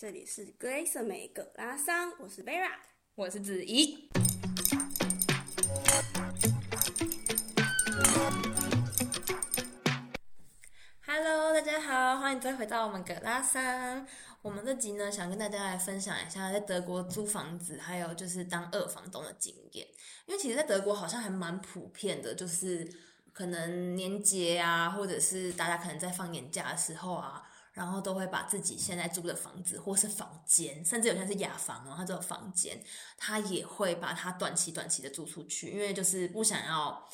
這裡是 Grace 美葛拉桑，我是 Bera，我是子怡。Hello，大家好，歡迎再回到我們葛拉桑。我們這集呢，想跟大家來分享一下在德國租房子，還有就是當二房東的經驗。因為其實，在德國好像還蠻普遍的，就是可能年節啊，或者是大家可能在放年假的時候啊。然後都會把自己現在租的房子，或是房間，甚至有些是雅房，然後這個房間，他也會把他短期短期的租出去，因為就是不想要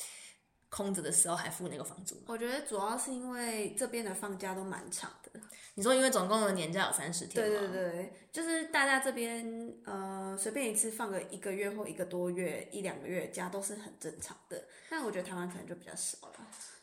空着的時候還付那個房租。我覺得主要是因為這邊的放假都蠻長的。你說因為總共的年假有三十天？對對對，就是大家這邊呃，隨便一次放個一個月或一個多月、一兩個月的假都是很正常的。但我覺得台灣可能就比較少了。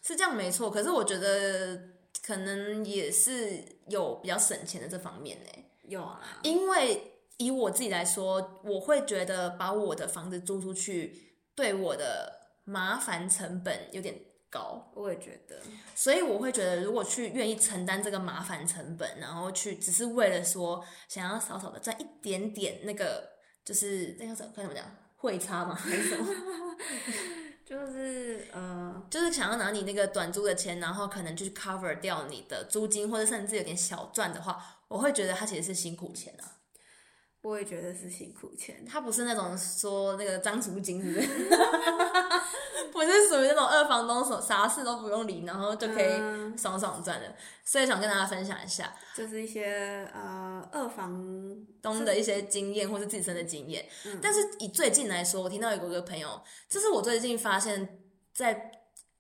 是這樣沒錯，可是我覺得。可能也是有比較省錢的這方面呢、欸，有啊。因為以我自己來說，我會覺得把我的房子租出去，對我的麻煩成本有點高。我也覺得，所以我會覺得，如果去願意承擔這個麻煩成本，然後去只是為了說想要少少的賺一點點那個，就是那叫、欸、什麼？該怎麼講？匯就是嗯，呃，就是想要拿你那個短租的錢，然後可能就是 cover 掉你的租金，或者甚至有點小賺的話，我會覺得它其實是辛苦錢啊。我也覺得是辛苦錢，他不是那種說那個張竹金是不是屬於 不是那種二房東，啥事都不用理，然後就可以爽爽賺的，嗯、所以想跟大家分享一下，就是一些呃二房東的一些經驗，是或是自身的經驗。嗯、但是以最近來說，我聽到有個，個朋友，這是我最近發現，在。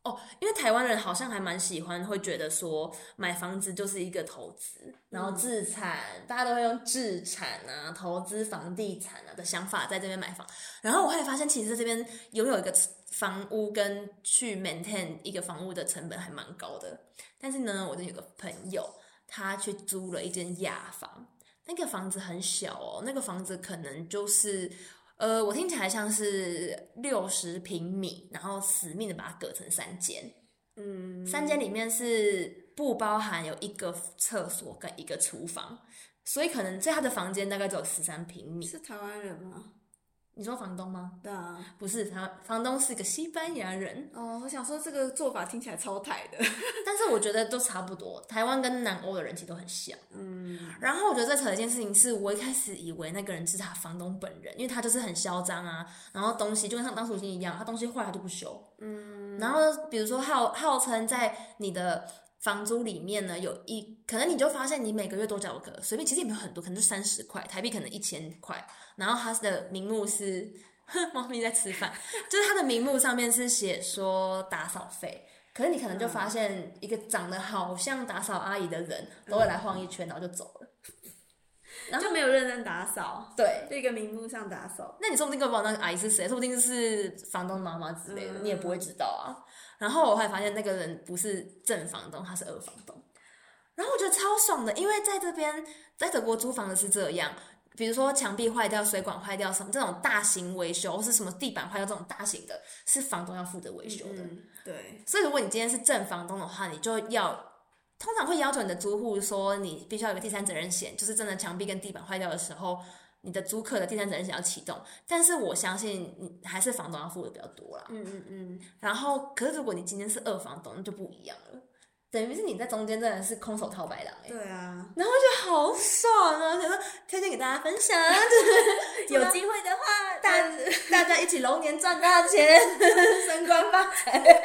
哦，因為台灣人好像還蠻喜歡，會覺得說買房子就是一個投資，嗯、然後置產，大家都會用置產啊、投資房地產啊的想法在這邊買房。然後我會發現，其實這邊擁有,有一個房屋跟去 maintain 一個房屋的成本還蠻高的。但是呢，我有個朋友他去租了一間雅房，那個房子很小哦，那個房子可能就是。呃，我聽起來像是六十平米，然後死命的把它隔成三間，嗯，三間裡面是不包含有一個廁所跟一個廚房，所以可能最大的房間大概只有十三平米。是台灣人嗎？你說房東嗎？對啊，不是，他房東是一個西班牙人。哦，我想說這個做法聽起來超台的， 但是我覺得都差不多，台灣跟南歐的人其實都很像。嗯，然後我覺得最扯的一件事情是，我一開始以為那個人是他房東本人，因為他就是很囂張啊，然後東西就跟他當初一樣，他東西壞了他就不修。嗯，然後比如說號，號號稱在你的。房租裡面呢，有一可能你就發現你每個月多繳個隨便，其實也沒有很多，可能就三十塊，台幣可能一千塊。然後它的名目是哼，貓咪在吃飯， 就是它的名目上面是寫說打掃費，可是你可能就發現一個長得好像打掃阿姨的人都會來晃一圈，然後就走了。就沒有認真打掃，對，就一個名目上打掃。那你說不定都不知道那個房東阿姨是誰。說不定是房東媽媽之類的，嗯、你也不會知道啊。然後我還發現那個人不是正房東，他是二房東。然後我覺得超爽的，因為在這邊，在德國租房的是這樣，比如說牆壁壞掉、水管壞掉什麼這種大型維修，或是什麼地板壞掉這種大型的，是房東要負責維修的。嗯、對。所以如果你今天是正房東的話，你就要。通常會要求你的租戶說，你必須要有個第三責任險，就是真的牆壁跟地板壞掉的時候，你的租客的第三責任險要啟動。但是我相信你還是房東要付的比較多啦、啊。嗯嗯嗯。然後，可是如果你今天是二房東，那就不一樣了，等於是你在中間真的是空手套白狼哎。對啊。然後就好爽啊！想說推薦給大家分享，就是、 有機會的話， 大大家一起龍年賺大錢，升官發財。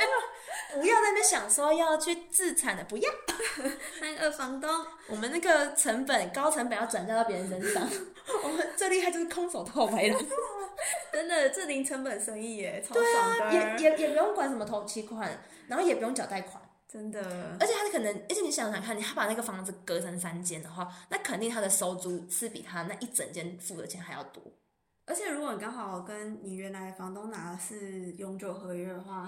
不要在那想說要去置產的，不要。 三二房東，我們那個成本高，成本要轉嫁到別人身上， 我們最厲害就是空手套白狼， 真的，這零成本生意耶，超爽的、啊。也也也不用管什麼頭期款，然後也不用繳貸款，真的。而且他可能，而且你想想看，你他把那個房子隔成三間的話，那肯定他的收租是比他那一整間付的錢還要多。 而且如果你剛好跟你原來房東拿的是永久合約的話，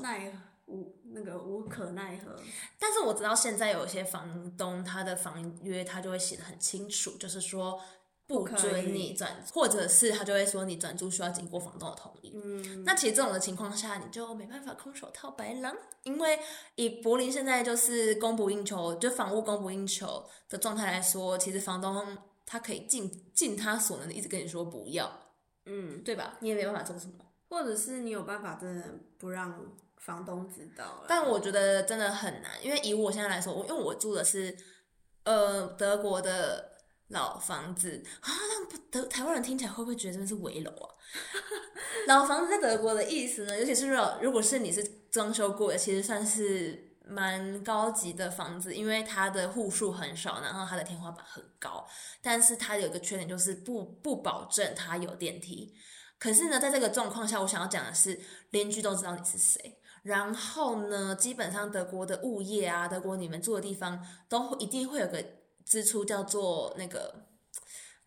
那也。無那個無可奈何，但是我知道現在有些房東他的房約他就會寫的很清楚，就是說不准你轉租，Okay. 或者是他就會說你轉租需要經過房東的同意。嗯，那其實這種的情況下你就沒辦法空手套白狼，因為以柏林現在就是供不應求，就房屋供不應求的狀態來說，其實房東他可以盡盡他所能的一直跟你說不要，嗯，對吧？你也沒辦法做什麼，或者是你有辦法真的不讓。房東知道，但我覺得真的很難，因為以我現在來說，我因為我住的是，呃，德國的老房子啊，那不，德台灣人聽起來會不會覺得這邊是危樓啊？ 老房子在德國的意思呢，尤其是如果如果是你是裝修過的，其實算是蠻高級的房子，因為它的戶數很少，然後它的天花板很高，但是它有一個缺點就是不不保證它有電梯。可是呢，在這個狀況下，我想要講的是，鄰居都知道你是誰。然後呢，基本上德國的物業啊，德國你們住的地方都一定會有個支出，叫做那個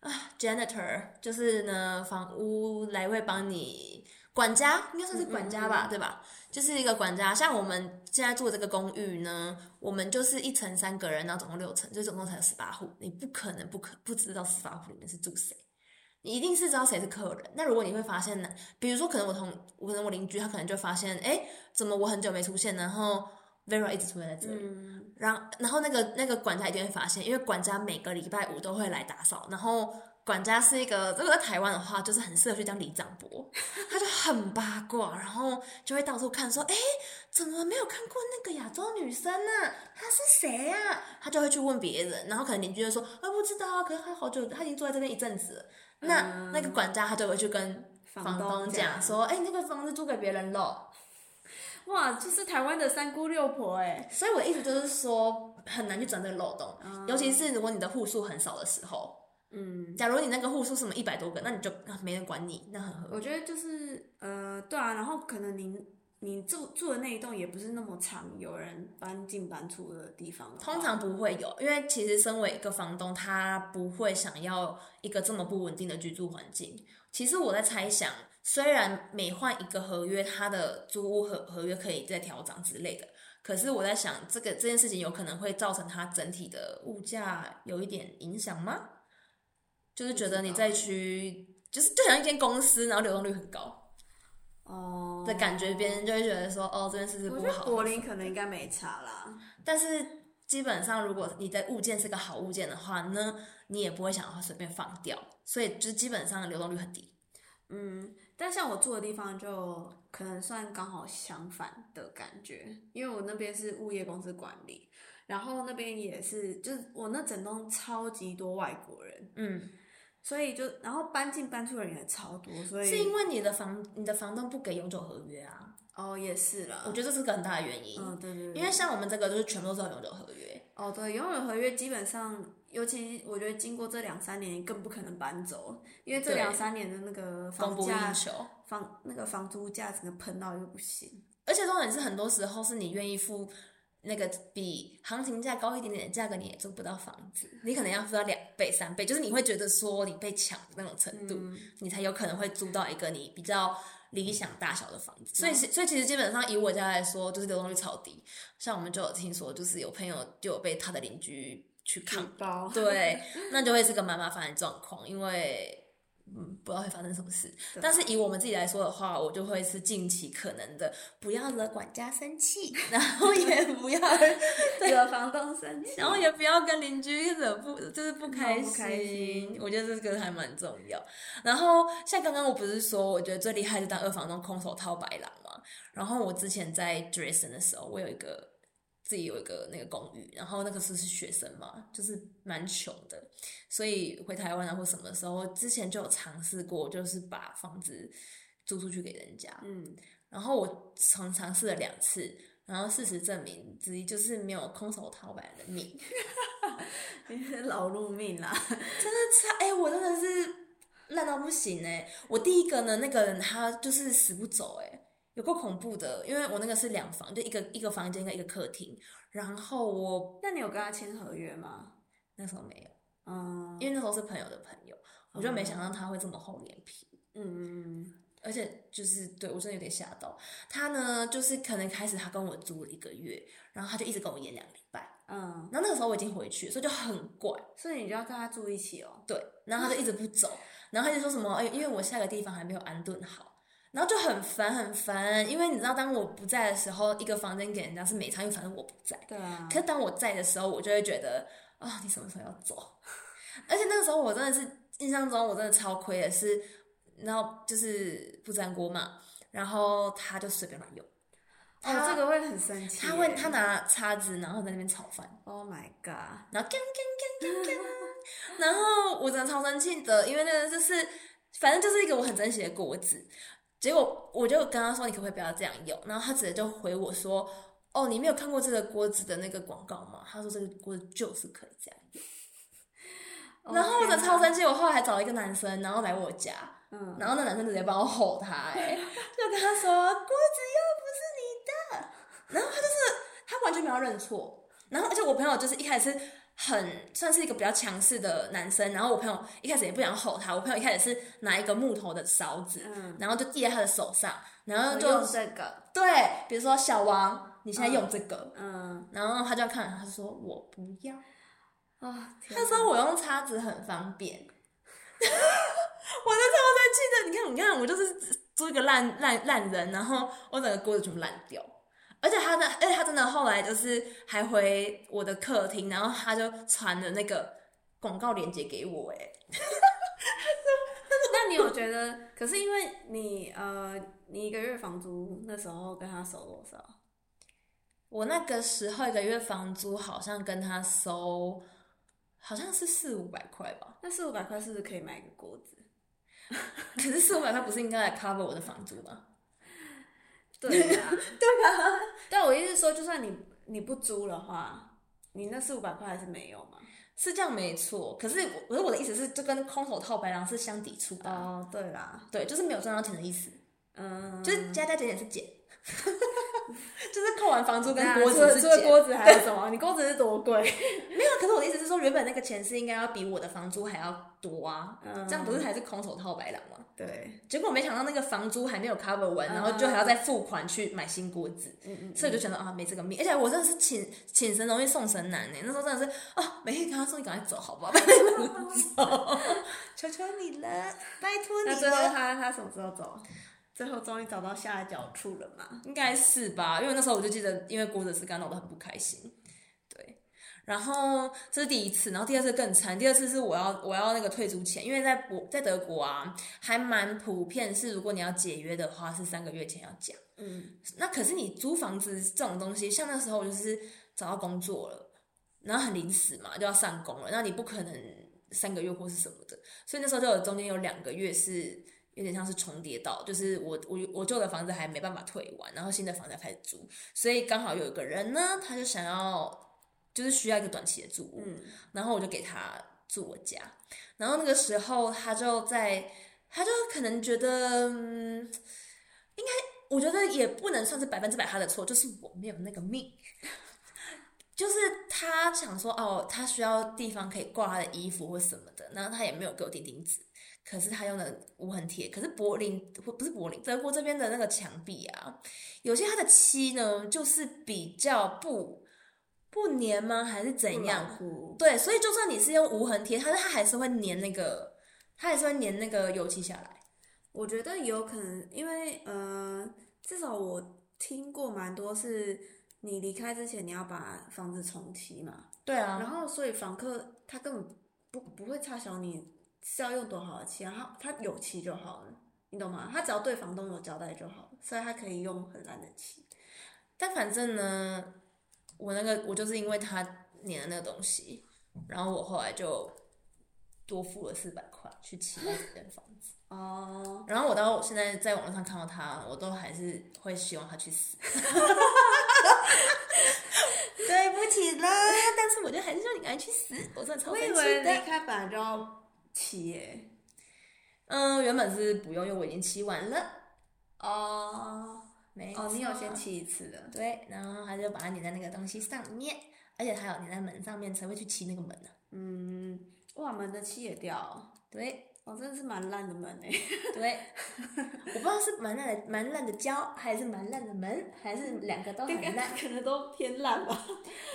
啊，janitor，就是呢，房屋來會幫你管家，應該算是管家吧，嗯、對吧？就是一個管家。像我們現在住這個公寓呢，我們就是一層三個人，然後總共六層，就總共才有十八戶，你不可能不可不知道十八戶裡面是住誰。一定是知道誰是客人。那如果你會發現呢，比如說，可能我同，我可能我鄰居，他可能就發現，哎、欸，怎麼我很久沒出現，然後 Vera 一直出現在這裡。嗯、然後然後那個那個管家一定會發現，因為管家每個禮拜五都會來打掃。然後管家是一個，這個在台灣的話就是很適合去講里長伯，他就很八卦，然後就會到處看，說，哎、欸，怎麼沒有看過那個亞洲女生呢、啊？她是誰啊？他就會去問別人。然後可能鄰居就說，啊、哦，不知道啊，可是他好久，他已經坐在這邊一陣子。那那個管家他就會去跟房東講說：“哎、欸，那個房子租給別人嘍。”哇，就是台灣的三姑六婆哎、欸，所以我的意思就是說，很難去鑽這個漏洞， 尤其是如果你的戶數很少的時候。嗯，假如你那個戶數什麼一百多個，那你就沒人管你，那很合。合。我覺得就是呃，對啊，然後可能您。你住住的那一棟也不是那麼常，有人搬進搬出的地方好好，通常不會有，因為其實身為一個房東，他不會想要一個這麼不穩定的居住環境。其實我在猜想，雖然每換一個合約，他的租屋合合約可以再調整之類的，可是我在想，這個這件事情有可能會造成他整體的物價有一點影響嗎？就是覺得你在去，就是就像一間公司，然後流動率很高。哦，oh, 的感覺，別人就會覺得說，哦，這邊是不是不好？我覺得柏林可能應該沒差啦，但是基本上如果你的物件是個好物件的話呢，你也不會想要隨便放掉，所以就基本上流動率很低。嗯，但像我住的地方就可能算剛好相反的感覺，因為我那邊是物業公司管理，然後那邊也是就是我那整棟超級多外國人，嗯。所以就，然後搬進搬出的人也超多，所以是因為你的房你的房東不給永久合約啊？哦，也是了，我覺得這是個很大的原因。嗯，對對對。因為像我們這個就是全都是永久合約。哦，對，永久合約基本上，尤其我覺得經過這兩三年更不可能搬走，因為這兩三年的那個房價、房那個房租價整個噴到又不行。而且重點是，很多時候是你願意付。那個比行情價高一點點的價格你也租不到房子，你可能要付到兩倍三倍，就是你會覺得說你被搶的那種程度，嗯、你才有可能會租到一個你比較理想大小的房子。嗯、所以，所以其實基本上以我家來說，就是流動性超低。像我們就有聽說，就是有朋友就有被他的鄰居去看，吧對，那就會是個蠻麻煩的狀況，因為。嗯，不知道會發生什麼事。對但是以我們自己來說的話，我就會是盡其可能的，不要惹管家生氣， 然後也不要惹 對房東生氣，然後也不要跟鄰居惹不就是不開心。開心我覺得這個還蠻重要。對然後像剛剛我不是說，我覺得最厲害是當二房東空手套白狼嘛。然後我之前在 Dresden 的時候，我有一個。自己有一個那個公寓，然後那個時候是學生嘛，就是蠻窮的，所以回台灣啊或什麼時候，之前就有嘗試過，就是把房子租出去給人家，嗯，然後我嘗嘗試了兩次，然後事實證明自己就是沒有空手套白狼的命， 你是勞碌命啦，真的差哎、欸，我真的是爛到不行誒、欸、我第一個呢，那個人他就是死不走誒、欸。有夠恐怖的，因為我那個是兩房，就一個一個房間跟一,一個客廳。然後我，那你有跟他簽合約嗎？那時候沒有，嗯，因為那時候是朋友的朋友，嗯、我就沒想到他會這麼厚臉皮，嗯嗯，而且就是對我真的有點嚇到他呢，就是可能開始他跟我租了一個月，然後他就一直跟我延兩禮拜，嗯。然後那個時候我已經回去，所以就很怪，所以你就要跟他住一起哦。對，然後他就一直不走，然後他就說什麼，哎、欸，因為我下個地方還沒有安頓好。然後就很煩很煩，因為你知道，當我不在的時候，一個房間給人家是每餐，反正我不在。對、啊、可是當我在的時候，我就會覺得啊、哦，你什麼時候要走？而且那個時候我真的是印象中，我真的超虧的是，然後就是不粘鍋嘛，然後他就隨便亂用。他哦，這個會很生氣。他會，他拿叉子，然後在那邊炒飯。Oh my god！然後，然後我真的超生氣的，因為那個就是，反正就是一個我很珍惜的鍋子。結果我就跟他說：“你可不可以不要這樣用？”然後他直接就回我說：“哦，你沒有看過這個鍋子的那個廣告嗎?”他說：“這個鍋子就是可以這樣用。”Oh, 然後我就超生氣，我後來還找了一個男生，然後來我家，嗯，然後那男生直接幫我吼他，欸，哎，就跟他說：“鍋 子又不是你的。”然後他就是他完全沒有認錯。然後而且我朋友就是一開始是。很算是一個比較強勢的男生，然後我朋友一開始也不想吼他，我朋友一開始是拿一個木頭的勺子，嗯，然後就遞在他的手上，然後就、嗯、用這個對，比如說小王，你現在用這個，嗯，嗯，然後他就要看，他說我不要啊，哦，他說我用叉子很方便， 我就這在，我在氣得，你看，你看，我就是做一個爛爛爛人，然後我整個鍋子全部爛掉。而且他呢，哎，他真的後來就是還回我的客廳，然後他就傳了那個廣告鏈接給我。哎 那你有覺得？可是因為你呃，你一個月房租那時候跟他收多少？我那個時候一個月房租好像跟他收，好像是四五百塊吧。那四五百塊是不是可以買一個鍋子？ 可是四五百塊不是應該來 cover 我的房租嗎？對呀，對啊， 對啊，但我意思說，就算你你不租的話，你那四五百塊還是沒有嘛？是這樣沒錯，可是我可是我的意思是，就跟空手套白狼是相抵觸、啊、哦。對啦，對，就是沒有賺到錢的意思，嗯，就是加加減減是減。 就是扣完房租跟鍋子、啊，除了鍋子還要走麼、啊？對你鍋子是多貴？ 沒有，可是我的意思是說，原本那個錢是應該要比我的房租還要多啊，嗯、這樣不是還是空手套白狼嗎？對。結果沒想到那個房租還沒有 cover 完，然後就還要再付款去買新鍋子，嗯嗯嗯，所以就覺得啊，沒這個命。而且我真的是請請神容易送神難呢、欸，那時候真的是啊，每天跟他說你趕快走好不好？拜託走。 求求你了，拜託你了。那最後他他什麼時候走？最後終於找到落腳處了嘛？應該是吧，因為那時候我就記得，因為郭者是干擾得很不開心，對。然後這是第一次，然後第二次更慘。第二次是我要我要那個退租錢，因為在在德國啊，還蠻普遍是，如果你要解約的話，是三個月前要講。嗯。那可是你租房子這種東西，像那時候我就是找到工作了，然後很臨時嘛，就要上工了，那你不可能三個月或是什麼的，所以那時候就有中間有兩個月是。有點像是重疊到，就是我我我舊的房子還沒辦法退完，然後新的房子要開始租，所以剛好有一個人呢，他就想要就是需要一個短期的住，嗯，然後我就給他住我家，然後那個時候他就在，他就可能覺得、嗯，應該我覺得也不能算是百分之百他的錯，就是我沒有那個命，就是他想說哦，他需要地方可以掛他的衣服或什麼的，然後他也沒有給我釘釘子。可是他用的無痕貼，可是柏林或不是柏林，德國這邊的那個牆壁啊，有些它的漆呢，就是比較不不粘嗎？還是怎樣？對，所以就算你是用無痕貼，它它還是會粘那個，它還是會粘那個油漆下來。我覺得有可能，因為呃，至少我聽過蠻多是，你離開之前你要把房子重漆嘛。對啊。然後所以房客他根本不不會差小你，需要用多好的漆，啊，他他有漆就好了，你懂嗎？他只要對房東有交代就好了，所以他可以用很爛的漆。但反正呢，我那個我就是因為他粘的那個東西，然後我後來就多付了四百塊去漆那間房子。哦。然後我到我現在在網絡上看到他，我都還是會希望他去死。對不起啦，但是我就還是說你趕緊去死，我說超開心為離開板樟。漆耶，嗯，原本是不用，因為我已經漆完了。哦，沒有、啊、哦，你有先漆一次的，對，然後他就把它粘在那個東西上面，而且他有粘在門上面才會去漆那個門、啊、嗯，我門的漆也掉。對。哦，真的是蠻爛的門誒、欸，對， 我不知道是蠻爛的蠻爛的膠，還是蠻爛的門，還是兩個都很爛，嗯、可能都偏爛吧。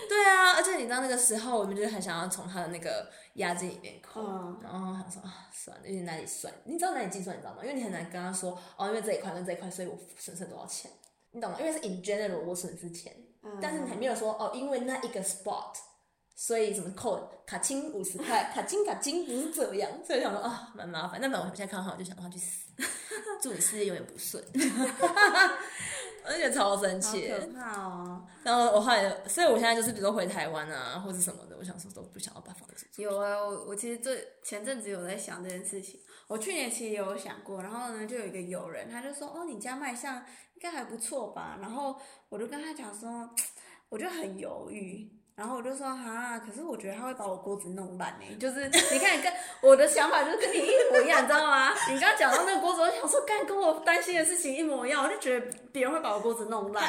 對啊，而且你知道那個時候，我們就是很想要從他的那個押金裡面扣，嗯、然後他說啊，算了，因為哪裡算，你知道哪裡計算，你知道嗎？因為你很難跟他說哦，因為這一塊跟這一塊，所以我損失多少錢，你懂嗎？因為是 in general 我損失錢，嗯、但是你還沒有說哦，因為那一個 spot。所以怎麼扣卡金五十塊？卡金卡金不是這樣？ 所以我想說啊，蠻、哦、麻煩。那反正我現在看好，就想讓他去死。祝你事業永遠不順，而且 超生氣，好可怕哦。然後我後來，所以我現在就是比如說回台灣啊，或者什麼的，我想說都不想要把房子。有啊，我我其實最前陣子有在想這件事情。我去年其實也有想過，然後呢，就有一個友人，他就說：“哦，你家賣相應該還不錯吧？”然後我就跟他講說，我就很猶豫。然後我就說哈，可是我覺得他會把我鍋子弄爛呢、欸、就是你看，跟我的想法就是跟你一模一樣， 你知道嗎？你剛剛講到那個鍋子，我想說跟跟我擔心的事情一模一樣，我就覺得別人會把我鍋子弄爛，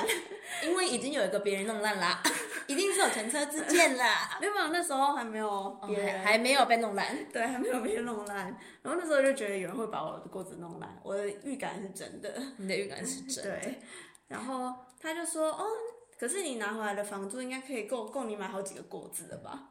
因為已經有一個別人弄爛啦， 一定是有前車之鑑啦，沒有，那時候還沒有，別人還沒有被弄爛，對，還沒有被弄爛，然後那時候就覺得有人會把我的鍋子弄爛，我的預感是真的，你的預感是真的對，然後他就說哦。可是你拿回來的房租應該可以夠夠你買好幾個果子的吧？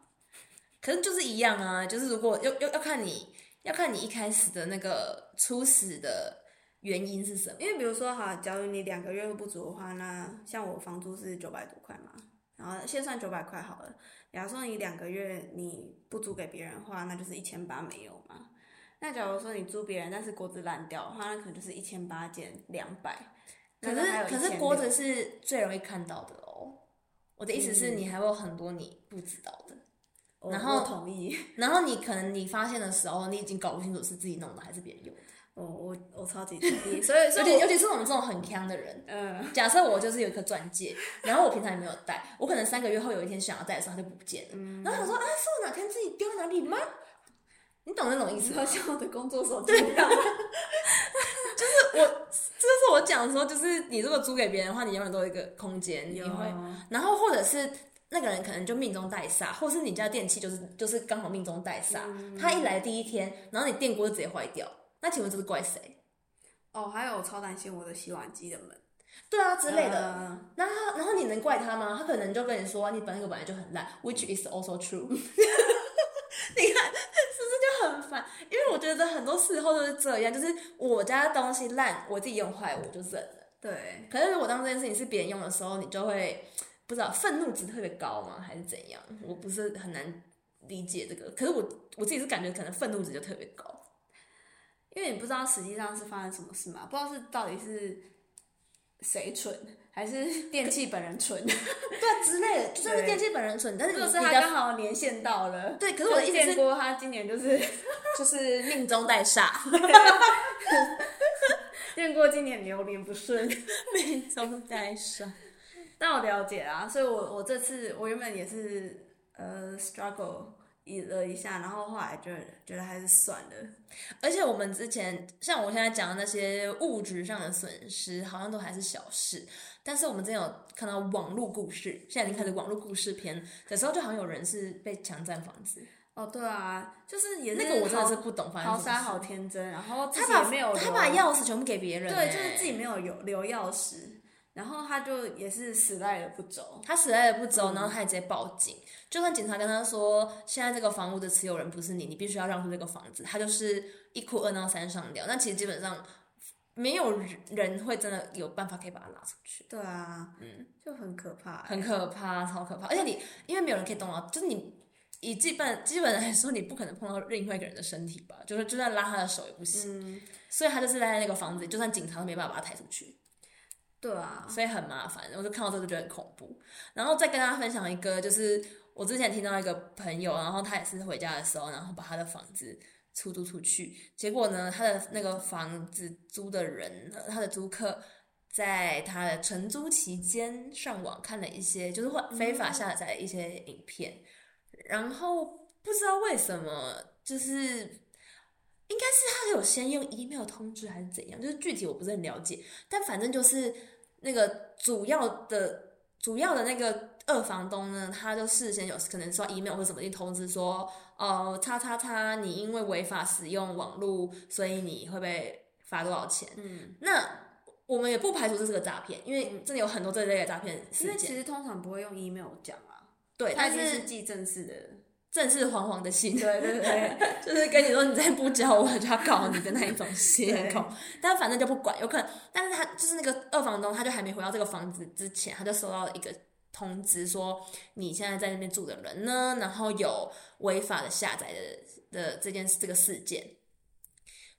可是就是一樣啊，就是如果要要要看你要看你一開始的那個初始的原因是什麼？因為比如說哈，假如你兩個月不租的話，那像我房租是九百多塊嘛，然後先算九百塊好了。假如說你兩個月你不租給別人的話，那就是一千八沒有嘛。那假如說你租別人，但是果子爛掉的話，那可能就是一千八減兩百。可是可是，鍋子是最容易看到的哦。我的意思是你還會有很多你不知道的，然後同意。然後你可能你發現的時候，你已經搞不清楚是自己弄的還是別人用的。哦，我我超級同意，所以所以，尤其是我們這種很坑的人。嗯。假設我就是有一顆鑽戒，然後我平常也沒有戴，我可能三個月後有一天想要戴的時候它就不見了。然後想說啊，是我哪天自己丟哪裡嗎？你懂那種意思嗎？像我的工作手機一樣，就是我。這是我講的時候，就是你如果租給別人的話，你永遠都有一個空間，你會有。然後或者是那個人可能就命中帶煞，或是你家電器就是就是剛好命中帶煞，嗯、他一來第一天，然後你電鍋就直接壞掉，那請問這是怪誰？哦，還有超擔心我的洗碗機的門，對啊之類的。然後、呃、然後你能怪他嗎？他可能就跟你說，你本那個本來就很爛，which is also true。 因為我覺得很多時候都是這樣，就是我家的東西爛，我自己用壞我就認了。對，可是我當這件事情是別人用的時候，你就會不知道憤怒值特別高嗎？還是怎樣？我不是很難理解這個，可是我我自己是感覺可能憤怒值就特別高，因為你不知道實際上是發生什麼事嘛，不知道是到底是。誰蠢？還是電器本人蠢？對，之類的，就算是電器本人蠢，對但是可是他剛好年限到了，嗯。對，可是我的意思，見過他今年就是就是命中帶煞，見 過今年流年不順，命中帶煞。但我了解啊，所以我我這次我原本也是呃 struggle。Str 一了一下，然後後來就覺得還是算了。而且我們之前像我現在講的那些物質上的損失，好像都還是小事。但是我們之前有看到網絡故事，現在已經開始網絡故事片的時候，就好像有人是被強占房子。哦，對啊，就是也是那個，我真的是不懂。反正好傻，好天真。然後他把沒有，他把鑰匙全部給別人，對，就是自己沒有有留鑰匙。然後他就也是死賴着不走，他死賴着不走，然後他也直接報警。嗯、就算警察跟他說，現在這個房屋的持有人不是你，你必須要讓出這個房子，他就是一哭二鬧三上吊。那其實基本上沒有人會真的有辦法可以把他拉出去。對啊，嗯，就很可怕、欸，很可怕，超可怕。而且你、啊、因為沒有人可以動到、啊，就是你以基本基本來說，你不可能碰到另外一個人的身體吧？就是就算拉他的手也不行，嗯、所以他就是待在那個房子，就算警察都沒辦法把他抬出去。對啊，所以很麻煩，我就看到這個就覺得很恐怖。然後再跟大家分享一個，就是我之前聽到一個朋友，然後他也是回家的時候，然後把他的房子出租出去，結果呢，他的那個房子租的人，他的租客，在他的承租期間上網看了一些，就是非法下載一些影片，嗯、然後不知道為什麼，就是。先用 email 通知還是怎樣？就是具體我不是很了解，但反正就是那個主要的主要的那個二房東呢，他就事先有可能說 email 或者怎麼去通知說，哦、呃，叉叉叉，你因為違法使用網絡，所以你會被罰多少錢？嗯，那我們也不排除這是個詐騙，因為真的有很多這類的詐騙事件、嗯。因為其實通常不會用 email 講啊，對，他是寄正式的。正式惶惶的心，對對對，就是跟你說你再不交，我就要告你的那一種心 對但反正就不管，有可能。但是他就是那個二房東，他就還沒回到這個房子之前，他就收到了一個通知，說你現在在那邊住的人呢，然後有違法的下載的的這件這個事件，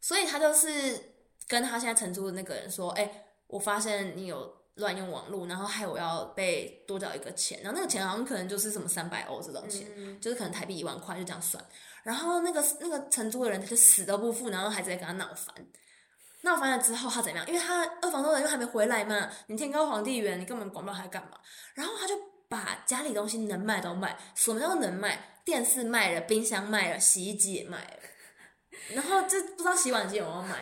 所以他就是跟他現在承租的那個人說，哎，我發現你有。亂用網絡，然後害我要被多繳一個錢，然後那個錢好像可能就是什麼三百歐這種錢，嗯嗯，就是可能台幣一萬塊就這樣算。然後那個那個承租的人他就死都不付，然後還在跟他鬧翻。鬧翻了之後他怎樣？因為他二房東人又還沒回來嘛，你天高皇帝遠，你根本管不到他幹嘛。然後他就把家裡東西能賣都賣，什麼叫能賣？電視賣了，冰箱賣了，洗衣機也賣了，然後就不知道洗碗機有沒有賣。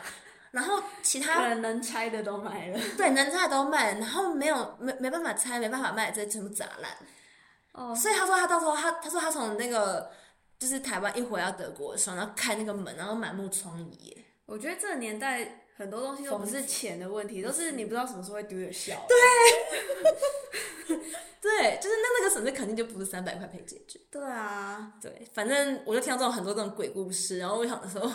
然後其他能，能拆的都賣了，對，能拆的都賣了，然後沒有沒沒辦法拆，沒辦法賣，這全部砸爛。哦，oh. 所以他說他到時候他他說他從那個就是台灣一回到德國的時候，然後開那個門，然後滿目瘡痍。我覺得這個年代。很多東西都不是錢的問題，都是你不知道什麼時候會丟的小。對， 對，就是那那個損失肯定就不是三百塊可以解決。對啊，對，反正我就聽到這種很多這種鬼故事，然後我想說，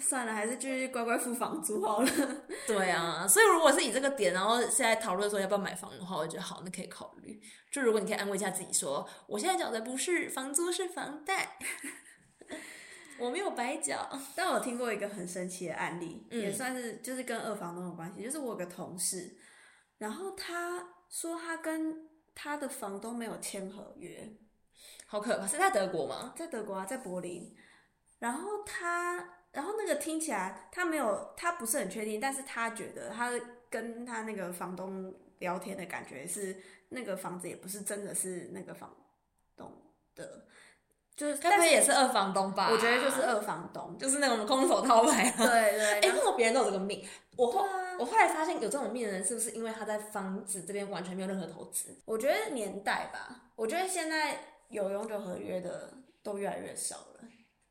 算了，還是繼續乖乖付房租好了。 對啊，所以如果是以這個點，然後現在討論說要不要買房的話，我覺得好，那可以考慮。就如果你可以安慰一下自己說，說我現在繳的不是房租，是房貸。 我沒有白講，但我聽過一個很神奇的案例，嗯，也算是就是跟二房東有關係，就是我有個同事，然後他說他跟他的房東沒有簽合約。好可怕！是在德國嗎？在德國啊，在柏林。然後他，然後那個聽起來他沒有，他不是很確定，但是他覺得他跟他那個房東聊天的感覺是，那個房子也不是真的是那個房東的。就是，大概也是二房東吧。我覺得就是二房東，就是那種空手套白狼。對，對對。哎，不過別人都有這個命。我後、啊、我後來發現有這種命的人，是不是因為他在房子這邊完全沒有任何投資？我覺得年代吧。我覺得現在有永久合約的都越來越少了。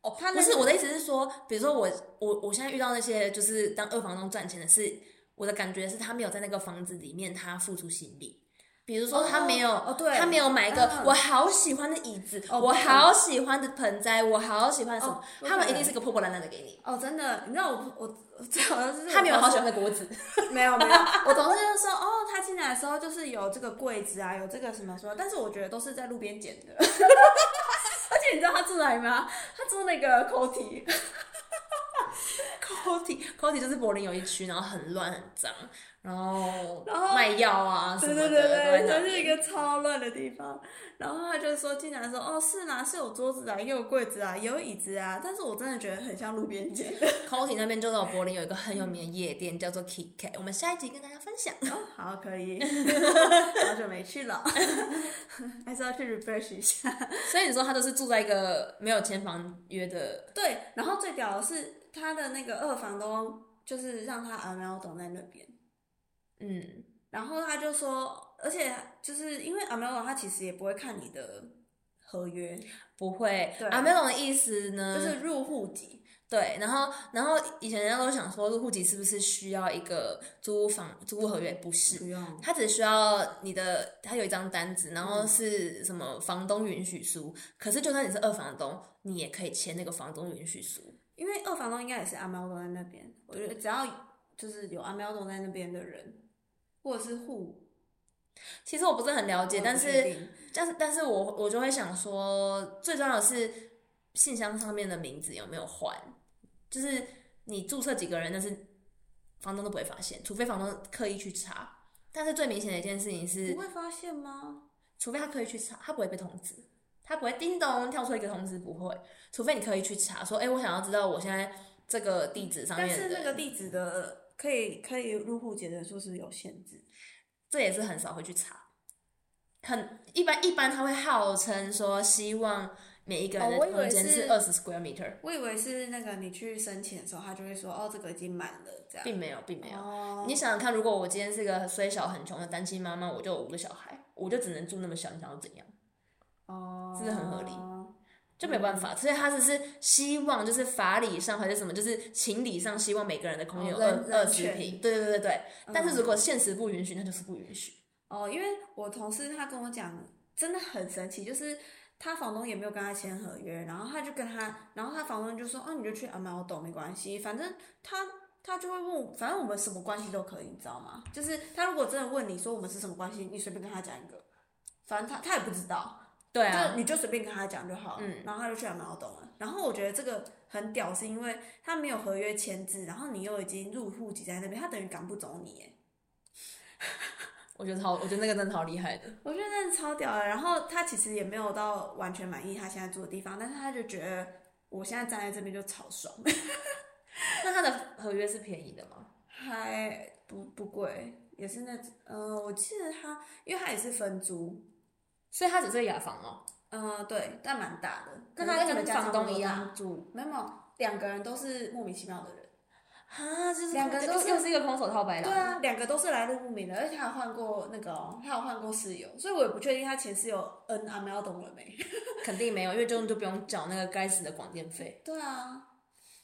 哦，他那不是，我的意思是說，比如說我我我現在遇到那些就是當二房東賺錢的是，我的感覺是他沒有在那個房子裡面，他付出心力。比如說他沒有，喔喔、對，他沒有買一個我好喜歡的椅子，啊啊啊、我好喜歡的盆栽，我好喜歡什麼？喔、他們一定是個破破爛爛的給你。哦、喔，真的，你知道我我，最好我好像是他沒有好喜歡的果子，沒有、啊、沒有。沒有 我總是就說，哦，他進來的時候就是有這個櫃子啊，有這個什麼什麼，但是我覺得都是在路邊撿的。 而且你知道他住哪裡嗎？他住那個 k i Kotti Kotti 就是柏林有一區，然後很亂很髒，然後賣藥啊什麼的，真的是一個超亂的地方。然後他就是說,進來說，經常說哦是吶、啊，是有桌子啊，又有櫃子啊，有椅子啊。但是我真的覺得很像路邊街。Kotti 那邊就在柏林有一個很有名的夜店、嗯、叫做 Kiki，我們下一集跟大家分享。哦、好，可以， 好久沒去了， 還是要去 refresh 一下。所以你說他都是住在一個沒有簽房約的，對。然後最屌的是。他的那個二房東就是讓他阿喵總在那邊，嗯，然後他就說，而且就是因為阿喵他其實也不會看你的合約，不會。對。阿喵總的意思呢，就是入戶籍。對，然後，然後以前人家都想說入戶籍是不是需要一個租房租房合約？對，不是，不用。他只需要你的，他有一張單子，然後是什麼房東允許書。嗯，可是就算你是二房東，你也可以簽那個房東允許書。因為二房東應該也是阿喵都在那邊，我覺得只要就是有阿喵都在那邊的人，或者是戶，其實我不是很了解，是但是但是但是我我就會想說，最重要的是信箱上面的名字有沒有換，就是你註冊幾個人，但是房東都不會發現，除非房東刻意去查。但是最明顯的一件事情是，不會發現嗎？除非他刻意去查，他不會被通知。他不會叮咚跳出一個通知，不會，除非你刻意去查，說，哎、欸，我想要知道我現在這個地址上面。但是那個地址的可以可以入戶結的就是有限制，這也是很少會去查。很一般一般他會號稱說希望每一個人的空間、哦、是二十 square meter。我以為是那個你去申請的時候，他就會說，哦，這個已經滿了這樣並。並沒有並沒有。哦、你想想看，如果我今天是個雖小很窮的單親媽媽，我就五個小孩，我就只能住那麼小，你想要怎樣？哦，真的很合理，嗯、就沒辦法，嗯、所以他只是希望，就是法理上還是什麼，就是情理上希望每個人的空間有二、哦、二十平，對對對對、嗯、但是如果現實不允許，那就是不允許。哦，因為我同事他跟我講，真的很神奇，就是他房東也沒有跟他簽合約，然後他就跟他，然後他房東就說：“啊，你就去啊，買我懂，沒關係，反正他他就會問，反正我們什麼關係都可以，你知道嗎？就是他如果真的問你說我們是什麼關係，你隨便跟他講一個，反正他他也不知道。”對啊，就你就隨便跟他講就好了，嗯、然後他就去想辦法懂了。嗯、然後我覺得這個很屌，是因為他沒有合約簽字，然後你又已經入戶籍在那邊，他等於趕不走你。我覺得好，我覺得那個真的好厲害的。我覺得真的超屌了。然後他其實也沒有到完全滿意他現在住的地方，但是他就覺得我現在站在這邊就超爽。 那他的合約是便宜的嗎？還不不貴，也是那……嗯、呃，我記得他，因為他也是分租。所以他只是雅房哦、喔，嗯、呃、對，但蠻大的，跟他跟房東一樣住，啊、沒有，兩個人都是莫名其妙的人，啊，就是兩個人又是一個空手套白狼，對啊，兩個都是來路不明的，而且他有換過那個、哦，他有換過室友，所以我也不確定他前室友嗯阿喵懂了沒？肯定沒有，因為中午就不用繳那個該死的廣電費。對啊，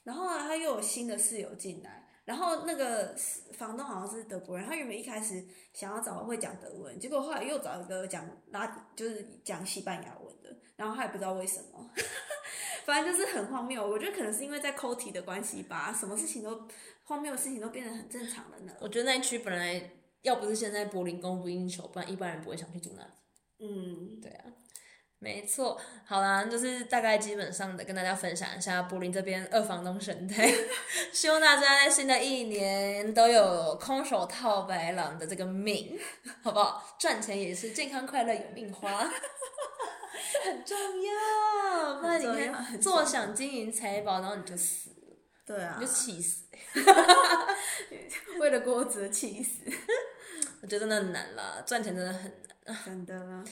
然後啊，他又有新的室友進來。然後那個房東好像是德國人，他原本一開始想要找會講德文，結果後來又找一個講拉，就是講西班牙文的，然後他也不知道為什麼， 反正就是很荒謬。我覺得可能是因為在 Covid 的關係吧，什麼事情都荒謬的事情都變得很正常的呢。我覺得那區本來要不是現在柏林供不應求，不然一般人不會想去住那裡。嗯，對啊。沒錯，好啦，就是大概基本上的跟大家分享一下柏林這邊二房東生態，希望大家在新的一年都有空手套白狼的這個命，好不好？賺錢也是健康、快樂、有命花，很重要。不然你看，坐享金銀財寶，然後你就死。對啊，你就氣死， 為了鍋子氣死。 我覺得真的很難了，賺錢真的很難，真的嗎？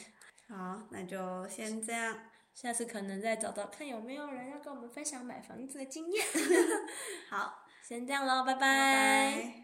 好，那就先這樣。下次可能再找到，看有沒有人要跟我們分享買房子的經驗。 好，先這樣嘍，拜拜。拜拜。